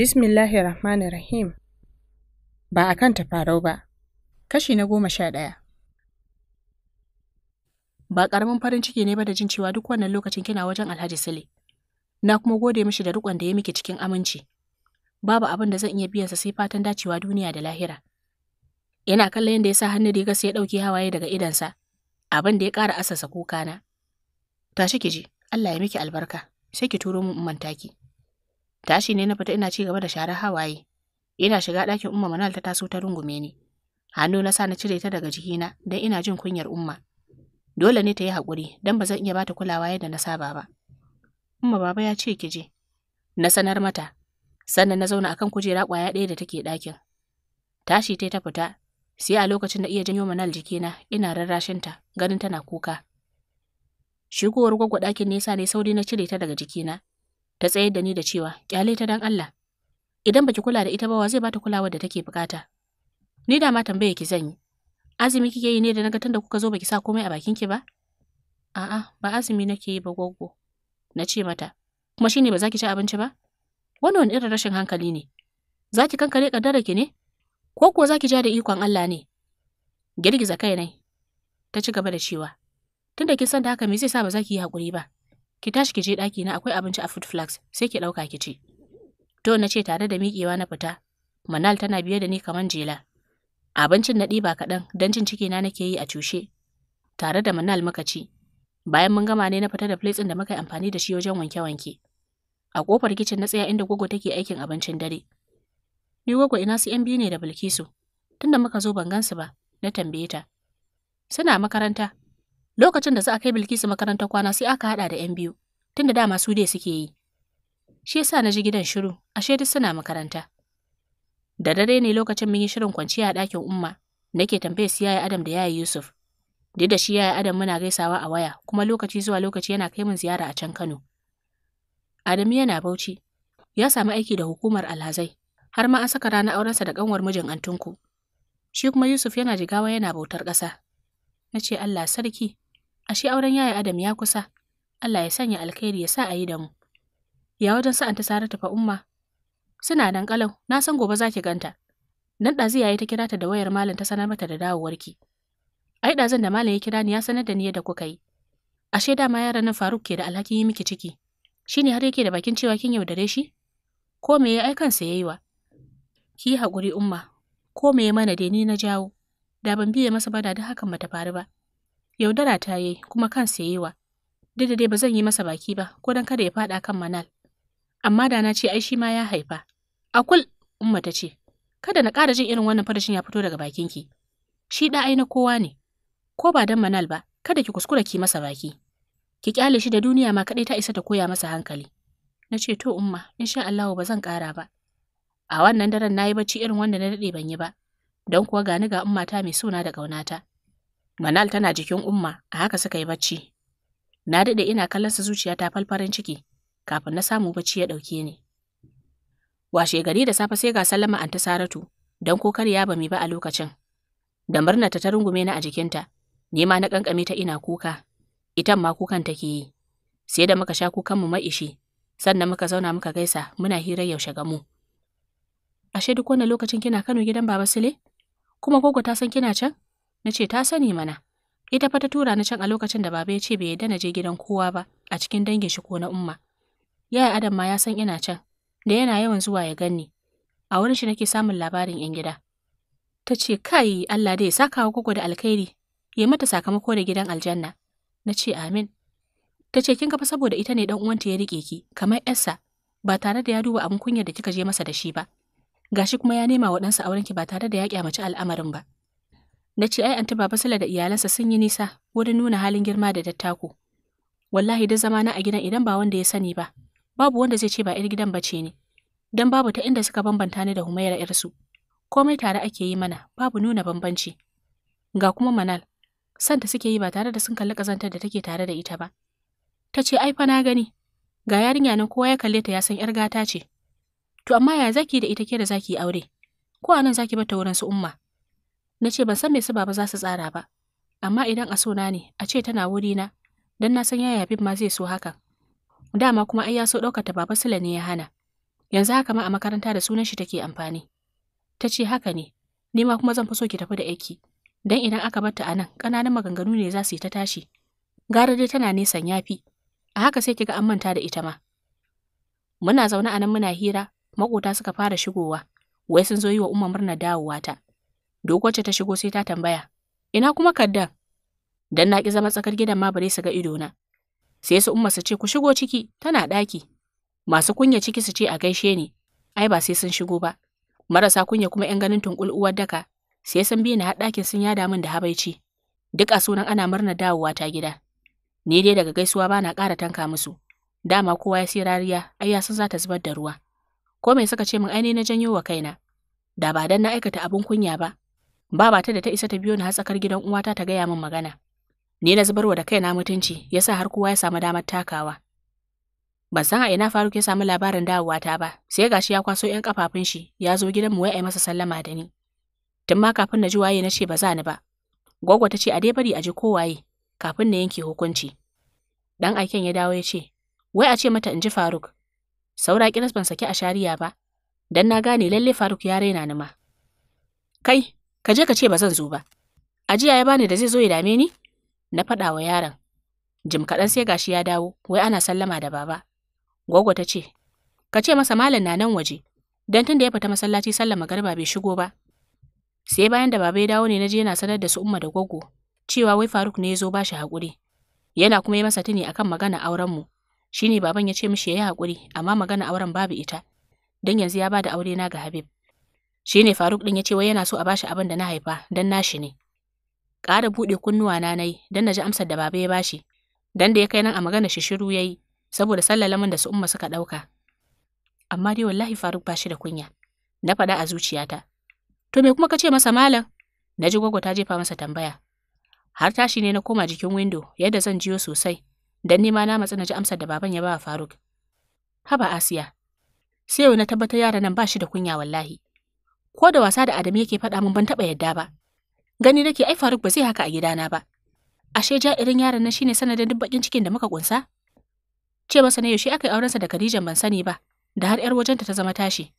Bismillahi Rahmanir Rahim. Ba a kan tafarau ba. Kashi na goma sha ɗaya. Ba ƙaramin farin ciki ne ba da jin cewa duk wannan lokacin kina wajen Alhaji Sule. Na kuma gode mishi da riƙon da ya miki cikin aminci. Babu abin da zan iya biyansa sai fatan dacewa duniya da lahira. Ina kallon yadda ya sa hannu riga sai ya ɗauki hawaye daga idansa. Abin da ya ƙara asasa kuka na. Tashi ki ji, Allah ya miki albarka, sai ki turo mu in ki. Tashi ne na fita ina ci gaba da sharar hawaye. Ina shiga ɗakin Umma Manal ta taso ta rungume ni. Hannu na sa na cire ta daga jikina dan ina jin kunyar Umma. Dole ne ta yi haƙuri dan ba zan iya bata kulawa yadda na saba ba. Umma baba ya ce ki je. Na sanar mata. Sannan na zauna akan kujera ƙwaya ɗaya da take ɗakin. Tashi ta ta fita. Sai a lokacin da iya janyo Manal jikina ina ta, ganin tana kuka. Shigowar gwaggwa ɗakin nesa ne sauri na cire ta daga jikina. ta tsayar da ni da cewa kyale ta dan Allah idan baki kula da ita ba wa zai bata kulawa da take bukata ni da ma tambaye ki zan yi azumi kike yi ne da naga tunda kuka zo baki sa komai a bakin ki ba a'a ba azumi nake yi ba goggo na ce mata kuma shine ba za ci abinci ba wannan wani irin rashin hankali ne zaki ki kankare kaddara ki ne ko kuwa za ja da ikon Allah ne girgiza kai ne. ta ci gaba da cewa tunda kin san da haka me zai sa ba za ki yi hakuri ba Ki tashi ki je ɗaki na akwai abinci a food flags sai ki ɗauka ki ci. To na ce tare da miƙewa na fita. Manal tana biye da ni kamar jela. Abincin na ɗiba kaɗan don cin na nake yi a cushe. Tare da Manal muka ci. Bayan mun gama ne na fita da plates ɗin da muka yi amfani da shi wajen wanke-wanke. A kofar kicin na tsaya inda gogo take aikin abincin dare. Ni gogo ina su ‘yan biyu ne da Bilkisu. Tunda muka zo ban gansu ba, na tambaye ta. Suna makaranta, Lokacin da za a kai Bilkisu makarantar kwana sai aka haɗa da ‘yan biyu, tunda dama su dai suke yi. Shi yasa na ji gidan shiru, ashe duk suna makaranta. Da dare ne lokacin mun yi shirin kwanciya a ɗakin Umma, nake tambaye su yaya Adam da yaya Yusuf. Duk da shi yaya Adam muna gaisawa a waya, kuma lokaci zuwa lokaci yana kai min ziyara a can Kano. Adamu yana Bauchi, ya samu aiki da hukumar alhazai, har ma an saka ranar aurensa da kanwar mijin Antunku. Shi kuma Yusuf yana jigawa yana bautar ƙasa. Na ce Allah sarki, Ashe auren yaya Adam ya kusa. Allah ya sanya alkhairi ya sa a yi da mu. Ya wajen sa'an ta Saratu fa umma. Suna nan kalau, na san gobe za ki ganta. ɗazi ya yi ta kira ta da wayar malam ta sanar mata da dawowarki. Ai ɗazun da malam ya kira ni ya sanar da ni yadda kuka yi. Ashe dama yaran nan Faruk ke da alhakin yi miki ciki. Shi ne har yake da bakin cewa kin yaudare shi? Ko me ya aikansa ya yi wa? Ki haƙuri umma, ko me ya mana da ni na jawo, da ban biye masa ba da hakan bata faru ba. Yaudara ta yi kuma kansa yi wa. Duk ba zan yi masa baki ba ko don kada ya faɗa kan Manal. Amma da na ce ai shi ma ya haifa. Akul Umma ta ce, kada na ƙara jin irin wannan farashin ya fito daga ki. Shi da ai na kowa ne. Ko ba dan Manal ba, kada ki kuskura ki masa baki. Ki kyale shi da duniya ma kaɗai ta isa ta koya masa hankali. Na ce to Umma, insha Allahu ba zan ƙara ba. A wannan daren na yi bacci irin wanda na daɗe ban yi ba, don kuwa gani ga ummata mai suna da ƙaunata. Manal tana jikin Umma a haka suka yi bacci. Na daɗe ina kallon sa zuciya ta falfarin ciki kafin na samu bacci ya ɗauke ni. Washe gari da safe sai ga Salama anta Saratu don ko kar ya bami ba a lokacin. Da murna ta rungume ni a jikinta, ni ma na kankame ta ina kuka, itan ma kukan take yi. Sai da muka sha kukan mu maishi, sannan muka zauna muka gaisa muna hirar yaushe ga mu. Ashe duk wannan lokacin kina Kano gidan Baba Sule? Kuma gogo ta san kina can? Na ce ta sani mana. Ita fa ta tura ni can a lokacin da baba ya ce bai yadda na je gidan kowa ba a cikin dangin shi ko na umma. Yaya Adam ma ya san ina can, da yana yawan zuwa ya ganni. A wurin shi nake samun labarin 'yan gida. Ta ce, Kai, Allah dai saka wa kuku da alkhairi, ya mata sakamako da gidan aljanna. Na ce, Amin. Ta ce, Kin fa saboda ita ne dan uwanta ya rike ki, kamar 'yarsa, ba tare da ya duba abin kunyar da kika je masa da shi ba. Gashi kuma ya nema wa ɗansa aurenki ba tare da ya mace al'amarin ba. Na ce ai anta baba sala da iyalansa sun yi nisa wurin nuna halin girma da dattako. Wallahi da zama na a gidan idan ba wanda ya sani ba, babu wanda zai ce ba 'yar gidan bace ne. Dan babu ta inda suka bambanta ni da Humaira 'yarsu. Komai tare ake yi mana, babu nuna bambanci. Ga kuma Manal, santa suke yi ba tare da sun kalli kazantar da take tare da ita ba. Ta ce ai fa na gani, ga yarinya nan kowa ya kalle ta ya san 'yar gata ce. To amma ya zaki da ita ke da zaki aure? Ko anan zaki bata wurin su umma? Na ce ban san me su baba za su tsara ba, amma idan a sona ne a ce tana wuri na. don na san yaya Habib ma zai so hakan. Dama kuma ai ya so ɗaukar ta baba Sula ne ya hana. Yanzu haka ma a makaranta da sunan shi take amfani. Ta ce haka ne, ni ma kuma zan fi so ki tafi da aiki. Dan idan aka bar ta a nan, ƙananan maganganu ne za su yi ta tashi. Gara dai tana nesan yafi. A haka sai kiga an manta da ita ma. Muna zaune a nan muna hira, maƙota suka fara shigowa. Wai sun zo yi wa Umma murnar dawowa ta. Duk wacce ta shigo sai ta tambaya, ina kuma kaddan? Dan na ƙi zama tsakar gidan ma bare su ga idona. Sai su umma su ce ku shigo ciki, tana ɗaki. Masu kunya ciki su ce a gaishe ni, ai ba sai sun shigo ba. Marasa kunya kuma ‘yan ganin tunƙul uwar daka, sai sun bi ni har ɗakin sun yada min da habaici. Duk a sunan ana murna dawowa ta gida. Ni dai daga gaisuwa ba na ƙara tanka musu. Dama kowa ya sai rariya, ai ya san za ta zubar da ruwa. Ko me suka ce min ai na janyo wa kaina. Da ba dan na aikata abin kunya ba, babata da ta isa ta biyo ni har tsakar gidan uwata ta gaya min magana. Ni na zubarwa da kaina mutunci, ya sa har kowa ya samu damar takawa. Ban san a ina Faruk ya samu labarin dawowata ba, sai gashi ya kwaso ‘yan kafafun shi ya zo gidan mu wai yi masa sallama da ni. Tun ma kafin na ji waye na ce ba za ni ba. Gwagwa ta ce a dai bari a ji kowaye kafin na yanke hukunci. Dan aiken ya dawo ya ce, wai a ce mata in ji Faruk. Saura kiras ban saki a shari'a ba, dan na gane lalle Faruk ya raina ni ma. Kai, Ka je ka ce ba zan zo ba. Ajiya ya bani da zai zo ya dame ni? Na faɗa wa yaron. Jim kaɗan sai gashi ya dawo, wai ana sallama da baba. Gwaggo ta ce, Ka ce masa malam na nan waje, don tun da ya fita masallaci sallama garba bai shigo ba. Sai bayan da baba ya dawo ne na je yana sanar da su umma da gwaggo, cewa wai Faruk ne ya zo ba shi haƙuri. Yana kuma yi masa tuni akan magana aurenmu. Shi ne baban ya ce mishi ya yi haƙuri, amma magana auren babu ita. Don yanzu ya bada da aure na ga Habib. Shi ne Faruk ɗin ya ce wai yana so a bashi abin da na haifa don nashi ne. Ƙara buɗe kunnuwa na nayi don na ji amsar da baba ya bashi. Dan da ya kai nan a magana shi shiru ya yi saboda sallalamin da su umma suka ɗauka. Amma dai wallahi Faruk ba shi da kunya. Na faɗa a zuciyata. To me kuma ka ce masa malam? Na ji gwagwa ta jefa masa tambaya. Har tashi ne na koma jikin windo yadda zan jiyo sosai. Dan nema na matsa na ji amsar da baban ya ba Faruk. Haba Asiya, sai yau na tabbatar yaran nan ba shi da kunya wallahi. ko da wasa da Adamu yake faɗa min ban taɓa yadda ba. Gani nake ai Faruk ba zai haka a gidana ba. Ashe ja irin yaron nan shine sanadin duk bakin cikin da muka kunsa? Ce masa ne yaushe aka yi aurensa da Khadija ban sani ba, da har ‘yar wajenta ta zama tashi.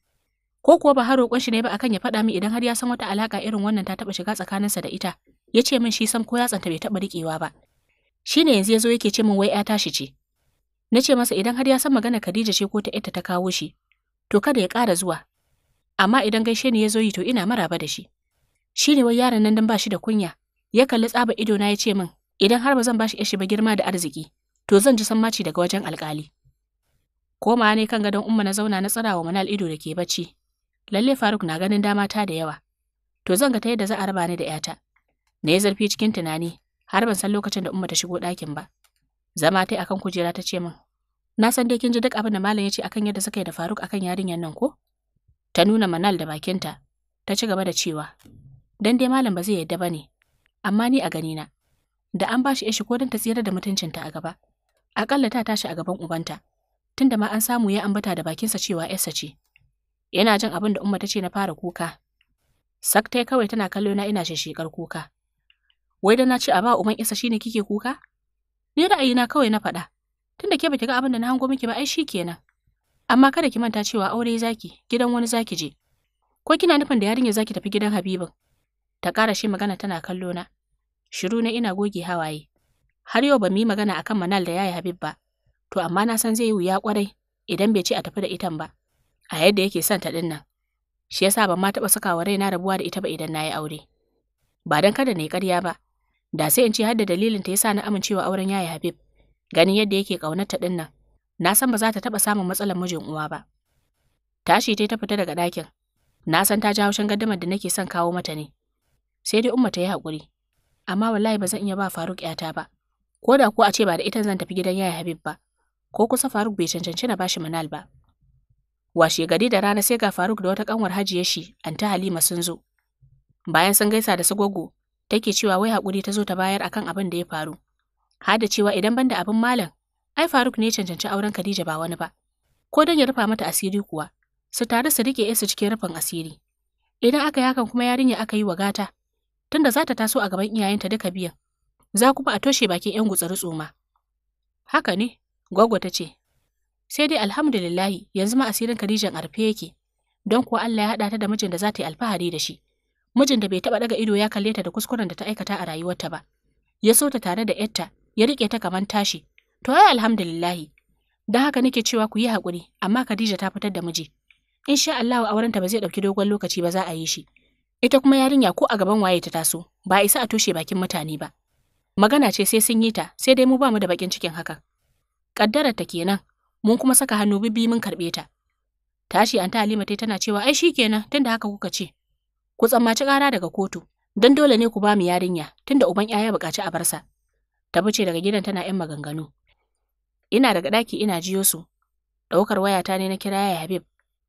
Ko kuwa ba har roƙon shi ne ba akan ya faɗa min idan har ya san wata alaƙa irin wannan ta taɓa shiga tsakaninsa da ita, ya ce min shi san ko yatsanta bai taɓa riƙewa ba. Shi ne yanzu ya zo yake ce min wai ‘ya tashi ce. Na ce masa idan har ya san magana Khadija ce ko ta ita ta kawo shi, to kada ya ƙara zuwa, amma idan gaishe ni ya zo yi to ina maraba da shi. Shi ne wai yaron nan dan ba shi da kunya, ya kalli tsaba ido na ya ce min, idan har ba zan ba shi yashi ba girma da arziki, to zan ji sammaci daga wajen alkali. Koma ne kan gadon umma na zauna na tsara wa manal ido da ke bacci. Lalle Faruk na ganin dama ta da yawa. To zan ga ta yadda za a raba ni da ‘yata. Na yi zarfi cikin tunani, har ban san lokacin da umma ta shigo ɗakin ba. Zama ta akan kujera ta ce min, Na san dai kin ji duk abin da malam ya ce akan yadda suka yi da Faruk akan yarinyar nan ko? ta nuna manal da bakinta, ta ci gaba da cewa, dan dai malam ba zai yadda ba ne, amma ni a gani na da an ba shi ishi ko don ta tsira da mutuncinta a gaba, aƙalla ta tashi a gaban ubanta, tunda ma an samu ya ambata da bakinsa cewa yarsa ce. Yana jin abin da Umma ta ce na fara kuka. Saktai kawai tana kallo na ina shishikar kuka. Wai da na ci a ba uban isa shine kike kuka? Ni na kawai na faɗa. Tunda ke baki ga abin da na hango miki ba ai kenan. Amma kada ki manta cewa aure zaki, gidan wani zaki je. Ko kina nufin da yarinya zaki tafi gidan Habibin? Ta kara shi magana tana kallo na. Shiru na ina goge hawaye. Har yau ba mu yi magana akan Manal da yayi Habib ba. To amma na san zai yi wuya kwarai idan bai ci a tafi da itan ba. A yadda yake son ta nan Shi yasa ban ma taɓa sakawa raina rabuwa da ita ba idan na yi aure. Ba dan kada na yi ƙarya ba, da sai in ce har da dalilin ta yasa na amincewa auren yayi Habib, ganin yadda yake ƙaunarta din nan. Na san ba za ta taɓa samun matsalar mijin uwa ba. Tashi ta fita daga ɗakin. Na san ta ji haushin gaddamar da nake son kawo mata ne. Sai dai Umma ta yi haƙuri. Amma wallahi ba zan iya ba Faruk ‘yata ba. Ko da ko a ce ba da ita zan tafi gidan yaya Habib ba. Ko kusa Faruk bai cancanci na bashi manal ba. Washe gari da rana sai ga Faruk da wata kanwar hajiya shi, ta Halima sun zo. Bayan sun gaisa da su gogo, take cewa wai haƙuri ta zo ta bayar akan abin da ya faru. Har da cewa idan ban da abin malam, Ai Faruk ne cancanci auren Khadija ba wani ba. Ko don ya rufa mata asiri kuwa, su tare su rike su cikin rufin asiri. Idan aka yi hakan kuma yarinya aka yi wa gata, tunda za ta taso a gaban iyayenta duka biyan, za kuma a toshe bakin 'yan gutsari tsoma. Haka ne, Gwagwa ta ce, sai dai alhamdulillahi yanzu ma asirin Khadijan a rufe yake, don kuwa Allah ya haɗa ta da mijin da za ta yi alfahari da shi. Mijin da bai taɓa daga ido ya kalle ta da kuskuren da ta aikata a rayuwarta ba. Ya so ta tare da ‘yarta, ya riƙe ta kamar tashi, To ai alhamdulillahi. Don haka nake cewa ku yi hakuri, amma Khadija ta fitar da miji. In sha Allahu ta ba zai ɗauki dogon lokaci ba za a yi shi. Ita kuma yarinya ko a gaban waye ta taso, ba isa a toshe bakin mutane ba. Magana ce sai sun yi ta, sai dai mu ba mu da bakin cikin hakan. Kaddarar ta kenan, mun kuma saka hannu bibbi mun karɓe ta. Tashi an ta Halima tai tana cewa ai shikenan tunda haka kuka ce. Ku tsammaci ƙara daga kotu, don dole ne ku ba mu yarinya tunda uban 'ya'ya buƙaci a barsa. Ta fice daga gidan tana 'yan maganganu. Ina daga ɗaki ina jiyo su. Ɗaukar wayata ne na kira yaya Habib.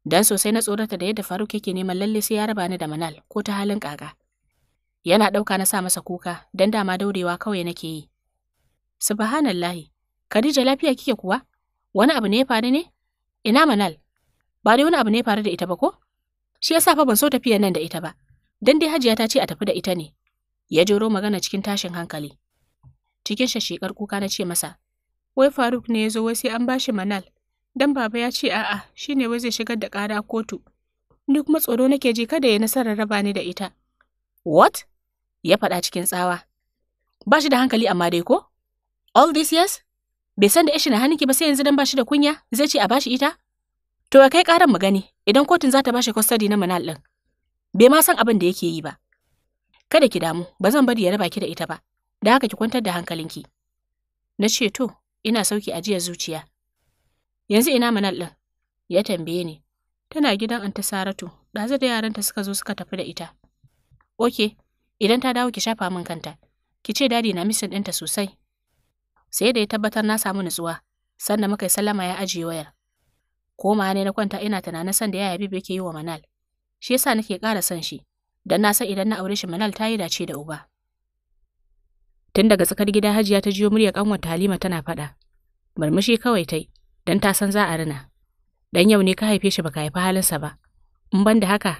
Dan sosai na tsorata da yadda Faruk yake neman lalle sai ya raba ni da Manal ko ta halin ƙaƙa. Yana ɗauka na sa masa kuka dan dama daurewa kawai nake yi. Subhanallahi, Khadija lafiya kike kuwa? Wani abu ne ya faru ne? Ina Manal? Ba dai wani abu ne ya faru da ita ba ko? Shi yasa fa ban so tafiya nan da ita ba. Dan dai Hajiya ta ce a tafi da ita ne. Ya joro magana cikin tashin hankali. Cikin shashekar kuka na ce masa, Wai Faruk ne ya zo wai sai an shi manal. Dan baba ya ce a'a, shi ne wai zai shigar da kara kotu. Ni kuma tsoro nake ji kada ya nasarar raba ni da ita. What? Ya faɗa cikin tsawa. Ba shi da hankali amma dai ko? All this years? Bai san da ishi na hannunki ba sai yanzu dan ba shi da kunya zai ce a ba shi ita? To ya kai ƙaran mu gani idan kotun za ta shi custody na manal ɗin. Bai ma san abin da yake yi ba. Kada ki damu, ba zan bari ya raba ki da ita ba. Da haka ki kwantar da hankalinki. Na ce to, Ina sauki ajiyar zuciya. Yanzu ina Manal ɗin? Ya tambaye ni. Tana gidan Anta Saratu, ɗazu da yaranta suka zo suka tafi da ita. Oke, idan ta dawo ki shafa min kanta. Ki ce dadi na misin ɗinta sosai. Sai da ya tabbatar na samu nutsuwa, sannan muka yi sallama ya ajiye wayar. Koma ne na kwanta ina tunanin san da yaya Bibi yake yi wa Manal. Shi yasa nake ƙara son shi, dan na san idan na aure shi Manal ta yi dace da uba. Tun daga tsakar gida Hajiya ta jiyo muryar ƙanwata Halima tana faɗa. Murmushi kawai tai, dan ta san za a rina. Dan yau ne ka haife shi baka haifi halinsa ba. In ban da haka,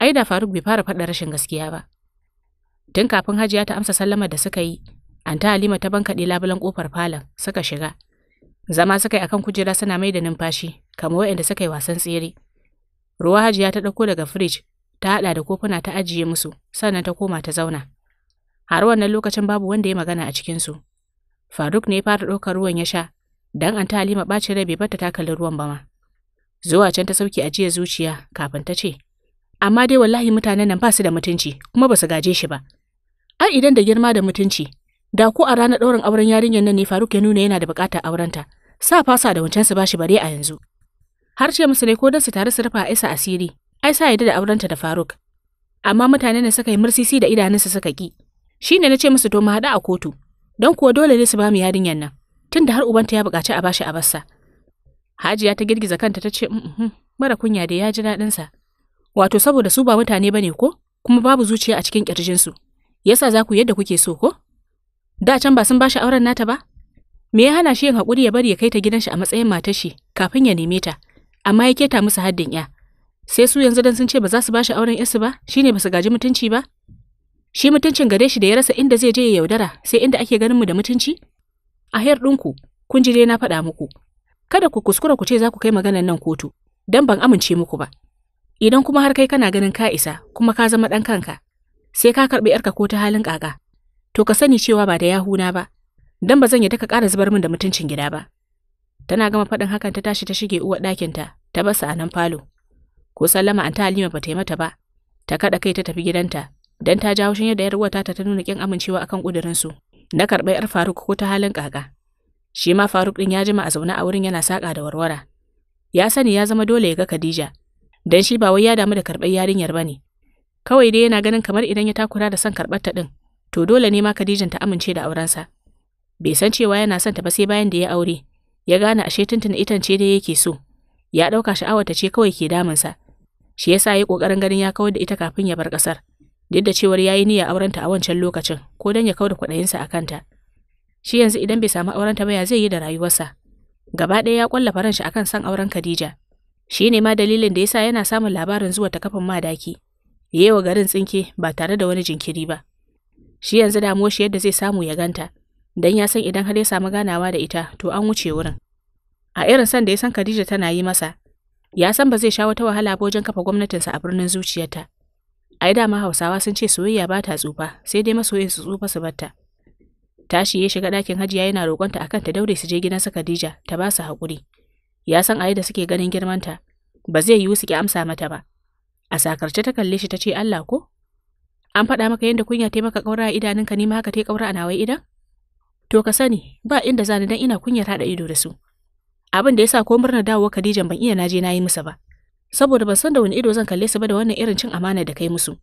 ai da Faruk bai fara faɗa rashin gaskiya ba. Tun kafin Hajiya ta amsa sallama da suka yi, Anta Halima ta bankaɗe labulan ƙofar falon suka shiga. Zama suka yi akan kujera suna mai da numfashi, kamar waɗanda suka yi wasan tsere. Ruwa Hajiya ta ɗauko daga firij, ta haɗa da kofuna ta ajiye musu, sannan ta koma ta zauna. Har wannan lokacin babu wanda ya magana a cikinsu. Faruk ne ya fara ɗaukar ruwan ya sha, dan an ta Halima ɓacin rai bai bata ta ruwan ba ma. Zuwa can ta sauki ajiyar zuciya kafin ta ce, Amma dai wallahi mutanen nan ba su da mutunci kuma ba su gaje shi ba. Ai idan da girma da mutunci, da ko a ranar ɗaurin auren yarinyar nan ne Faruk ya nuna yana da buƙatar aurenta, sa fasa da wancan su ba shi bare a yanzu. Har ce musu ne ko don su tare su rufa Aisa asiri, Aisa ya da aurenta da Faruk. Amma mutanen ne suka yi mursisi da idanunsu suka ki, Shi ne na ce musu to mu haɗu a kotu, don kuwa dole ne su ba mu yarinyar nan, tun da har ubanta ya buƙaci a bashi a bassa. Hajiya ta girgiza kanta ta ce, mara kunya da ya ji daɗinsa. Wato saboda su ba mutane ba ne ko, kuma babu zuciya a cikin ƙirjinsu. Yasa za ku yadda kuke so ko? Da can ba sun bashi auren nata ba? Me ya hana shi yin haƙuri ya bari ya kai ta gidanshi a matsayin matar shi kafin ya neme ta, amma ya keta musu haddin ya. Sai su yanzu dan sun ce ba za su bashi auren isu ba, shine ba su gaji mutunci ba? Shi mutuncin gare shi da ya rasa inda zai je ya yaudara sai inda ake ganin mu da mutunci? A hayar ɗinku, kun ji dai na faɗa muku. Kada ku kuskura ku ce za ku kai maganar nan kotu, don ban amince muku ba. Idan kuma har kai kana ganin ka isa kuma ka zama ɗan kanka, sai ka karɓi ‘yarka ko ta halin ƙaƙa. To ka sani cewa ba da yahuna ba, don ba zan yi ka ƙara zubar min da mutuncin gida ba. Tana gama faɗin hakan ta tashi ta shige uwar ɗakinta, ta basa a nan falo. Ko sallama an ta Halima ba ta yi mata ba, ta kaɗa kai ta tafi gidanta, Dan ta ji haushin yadda 'yar uwata ta nuna kin amincewa akan ƙudurinsu. Na karɓi 'yar Faruk ko ta halin kaka. Shi ma Faruk ɗin ya jima a zaune a wurin yana saƙa da warwara. Ya sani ya zama dole ya ga Khadija, dan shi ba wai ya damu da karɓar yarinyar ba ne. Kawai dai yana ganin kamar idan ya takura da son karɓar ta ɗin, to dole ne ma Khadijan ta amince da aurensa. Bai san cewa yana son ta ba sai bayan da ya aure, ya gane ashe tuntuna itan ce da yake so. Ya ɗauka sha'awar ta ce kawai ke damunsa. Shi yasa ya ƙoƙarin ganin ya kawar da ita kafin ya bar ƙasar. duk da cewar ya yi niyya aurenta a wancan lokacin ko don ya kau da kwaɗayinsa a kanta. Shi yanzu idan bai samu aurenta ba ya zai yi da rayuwarsa. Gaba ɗaya ya ƙwalla faran shi akan san auren Khadija. Shi ne ma dalilin da yasa yana samun labarin zuwa ta kafin madaki. Ya wa garin tsinke ba tare da wani jinkiri ba. Shi yanzu damuwar shi yadda zai samu ya ganta, Dan ya san idan har ya samu ganawa da ita to an wuce wurin. A irin san da ya san Khadija tana yi masa, ya san ba zai sha wata wahala ba wajen kafa gwamnatinsa a birnin zuciyarta. Ai dama Hausawa sun ce soyayya ba ta tsufa, sai dai masoyin su tsufa su batta. Tashi ya shiga ɗakin Hajiya yana roƙonta akan ta daure su je gidan su Khadija ta ba su haƙuri. Ya san ayi da suke ganin girmanta, ba zai yiwu su ki amsa mata ba. A sakarce ta kalle shi ta ce Allah ko? An faɗa maka yadda kunya ta maka ƙaura a idanunka ni ma haka ta ƙaura a nawai idan? To ka sani, ba inda zani dan ina kunyar haɗa ido da su. Abin da ya sa ko murnar dawowa Khadijan ban iya naje na yi musa ba. saboda ban san da wani ido zan kalle su ba da wannan irin cin amana da kai musu.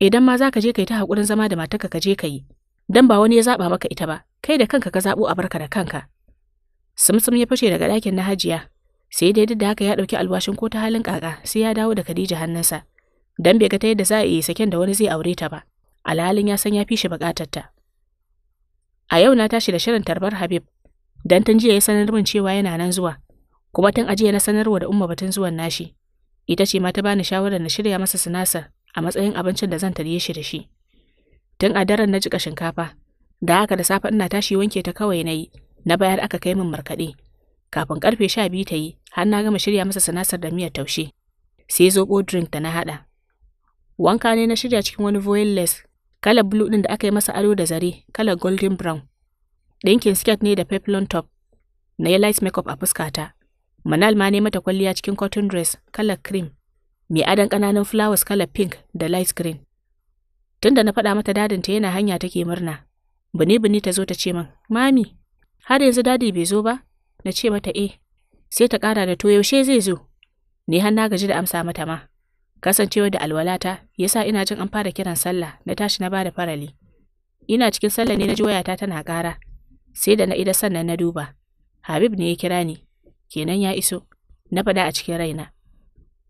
Idan ma za ka je kai ta haƙurin zama da matarka ka je ka yi, dan ba wani ya zaɓa maka ita ba, kai da kanka ka zaɓo a barka da kanka. Sumsum ya fashe daga dakin na hajiya, sai dai duk da haka ya ɗauki alwashin ko ta halin ƙaƙa sai ya dawo da Khadija hannunsa, dan bai ga ta yadda za a yi saken da wani zai aure ta ba, alhalin ya san ya fi shi ta. A yau na tashi da shirin tarbar Habib, dan tun jiya ya sanar min cewa yana nan zuwa, kuma tun ajiya na sanarwa da umma batun zuwan nashi. Ita ce ma ta bani shawarar na shirya masa sinasar a matsayin abincin da zan tarye shi da shi. Tun a daren na jika shinkafa, da haka da safe ina tashi wanke ta kawai na yi, na bayar aka kai min markaɗe. Kafin karfe sha biyu ta yi, har na gama shirya masa sinasar da miyar taushe. Sai zoɓo drink da na haɗa. Wanka ne na shirya cikin wani less kalar blue ɗin da aka yi masa ado da zare, kalar golden brown. Ɗinkin skirt ne da peplon top. Na yi light makeup a fuskata, Manal ma ne mata kwalliya cikin cotton dress kalar cream, mai adon ƙananan flowers kalar pink da light green. Tunda na faɗa mata dadinta yana hanya take murna, bini-bini ta zo ta ce min, Mami, har yanzu dadi bai zo ba? Na ce mata eh, sai ta ƙara da to yaushe zai zo? Ni har na gaji da amsa mata ma. Kasancewa da alwalata ya sa ina jin an fara kiran sallah na tashi na bada farali. Ina cikin sallah ne na ji wayata tana ƙara, sai da na ida sannan na duba. Habib ne ya kira ni, kenan ya iso, na faɗa a cikin raina.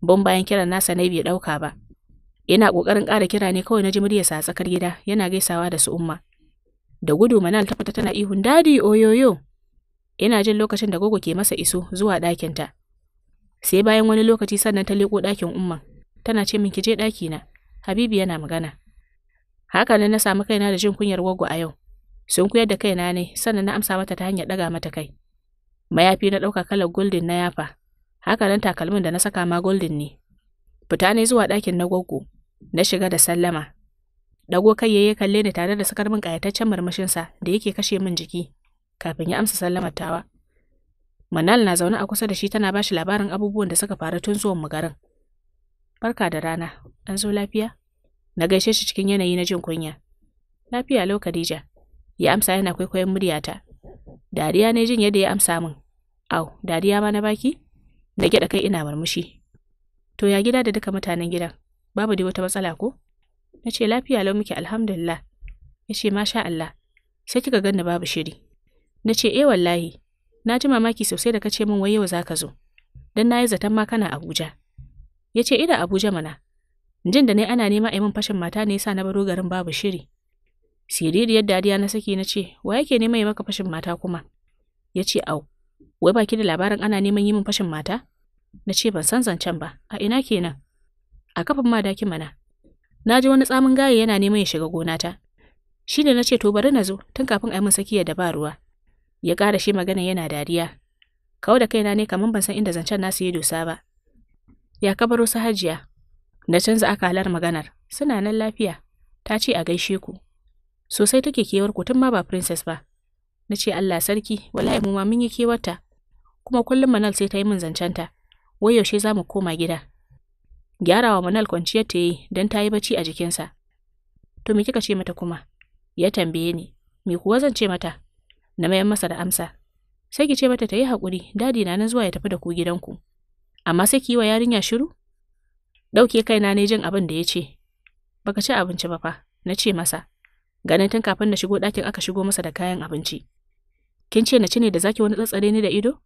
Bon bayan kiran nasa na bai ɗauka ba. Ina ƙoƙarin ƙara kira ne kawai na ji muryarsa a tsakar gida yana gaisawa da su umma. Da gudu Manal ta fita tana ihun dadi oyoyo. Ina jin lokacin da gogo ke masa iso zuwa ɗakinta. Sai bayan wani lokaci sannan ta leƙo ɗakin umman. Tana ce min ki je ɗakina. Habibu yana magana. Haka nan na samu kaina da jin kunyar gogo a yau. Sun kuyar da kaina ne sannan na amsa mata ta hanyar ɗaga mata kai. Mayafi na ɗauka kalar goldin na yafa, haka nan takalmin da na saka ma goldin ne. Fita ne zuwa ɗakin na goggo, na shiga da sallama. Dago kai yayi kalle ni tare da sakar min ƙayataccen murmushinsa da yake kashe min jiki, kafin ya amsa sallamar tawa. Manal na zaune a kusa da shi tana bashi labarin abubuwan da suka faru tun zuwan mu garin. Barka da rana, an zo lafiya? Na gaishe shi cikin yanayi na jin kunya. Lafiya lau Khadija. Ya amsa yana kwaikwayon muryata. Dariya ne jin yadda ya amsa min. Au, dariya ma na baki? Na gyaɗa kai ina murmushi. To ya gida da duka mutanen gidan, babu dai wata matsala ko? Na ce lafiya lau muke alhamdulillah. Ya ce masha Allah, sai kika ganni babu shiri. Na ce eh wallahi, na ji mamaki sosai da kace min wai yau za ka zo, don nayi yi zaton ma kana Abuja. Ya ce ina Abuja mana, jin da ne ana nema a min fashin mata ne yasa na baro garin babu shiri. Siririyar dariya na saki na ce, wa yake nema ya maka fashin mata kuma? Ya ce au, wai baki da labarin ana neman yi min fashin mata? Na ce ban san zancen ba, a ina kenan? A kafin ma daki mana. Na ji wani tsamin gaye yana neman ya shiga gonata. Shi ne na ce to bari na zo tun kafin a yi min sakiya da ba ruwa. Ya ƙara shi magana yana dariya. Kawo da kaina ne kamar ban san inda zancen nasu ya dosa ba. Ya kabaro su hajiya. Na canza aka halar maganar. Suna nan lafiya. Ta ce a gaishe ku. Sosai take kewar ku tun ma ba princess ba. Na ce Allah sarki, wallahi mu ma mun yi kewarta. kuma kullum Manal sai ta yi min zancenta, wai yaushe za mu koma gida. Gyarawa Manal kwanciyar ta yi don ta yi bacci a jikinsa. To me kika ce mata kuma? Ya tambaye ni, me kuwa zan ce mata? Na mayan masa da amsa. Sai ki ce mata ta yi haƙuri, dadi na nan zuwa ya tafi da ku gidanku. Amma sai ki yi wa yarinya shiru? Ɗauke kaina ne jin abin da ya ce. Baka ci abinci ba fa, na ce masa. Ganin tun kafin na shigo ɗakin aka shigo masa da kayan abinci. Kin ce na ci ne da zaki wani tsatsare ni da ido?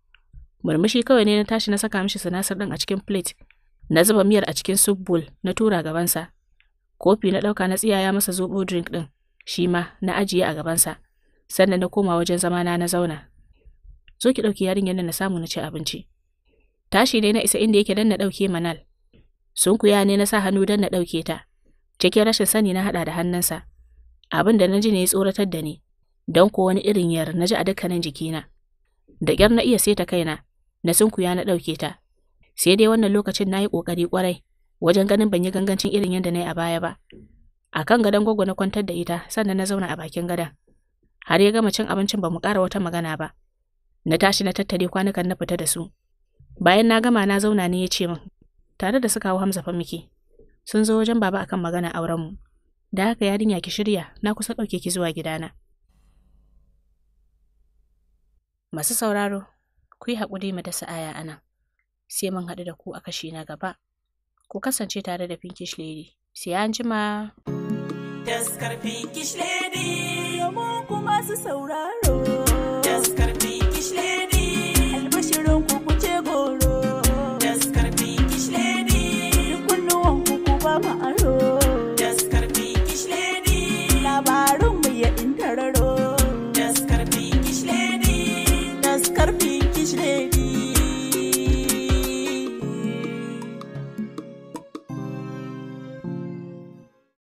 Murmushi kawai ne na tashi na saka mishi sinasar ɗin a cikin plate. Na zuba miyar a cikin soup bowl na tura gabansa. Kofi na ɗauka na tsiyaya masa zobo drink ɗin, shi ma na ajiye a gabansa. Sannan na koma wajen zama na na zauna. Zo ki ɗauki yarinyar nan na samu na ci abinci. Tashi ne na isa inda yake dan na ɗauke Manal. Sunkuya ne na sa hannu dan na ɗauke ta. Cikin rashin sani na haɗa da hannunsa. Abin da na ji ne ya tsoratar da ni. Don ko wani irin yar na ji a dukkanin jikina. Da ƙyar na iya saita kaina, na ya na ɗauke ta. Sai dai wannan lokacin na yi ƙoƙari ƙwarai wajen ganin ban yi gangancin irin yadda na yi a baya ba. A kan gadon gwaggo na kwantar da ita sannan na zauna a bakin gadon. Har ya gama cin abincin ba mu ƙara wata magana ba. Na tashi na tattare kwanukan na fita da su. Bayan na gama na zauna ne ya ce min, tare da su kawo Hamza fa muke. Sun zo wajen baba akan magana auren mu. Da haka yarinya ki shirya na kusa ɗauke ki zuwa gidana. Masu sauraro, ku yi haƙuri mu dasa aya ana. Sai mun haɗu da ku a kashi na gaba. Ku kasance tare da Pinkish Lady. Sai an jima. Taskar Pinkish Lady, mu kuma su sauraro.